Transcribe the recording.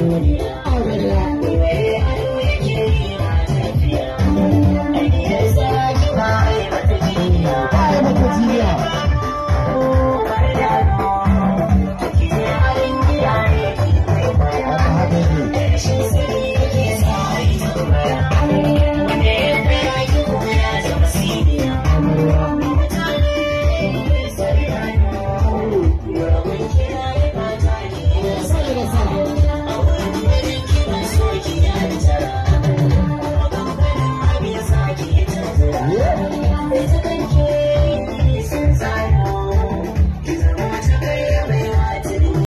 Yeah.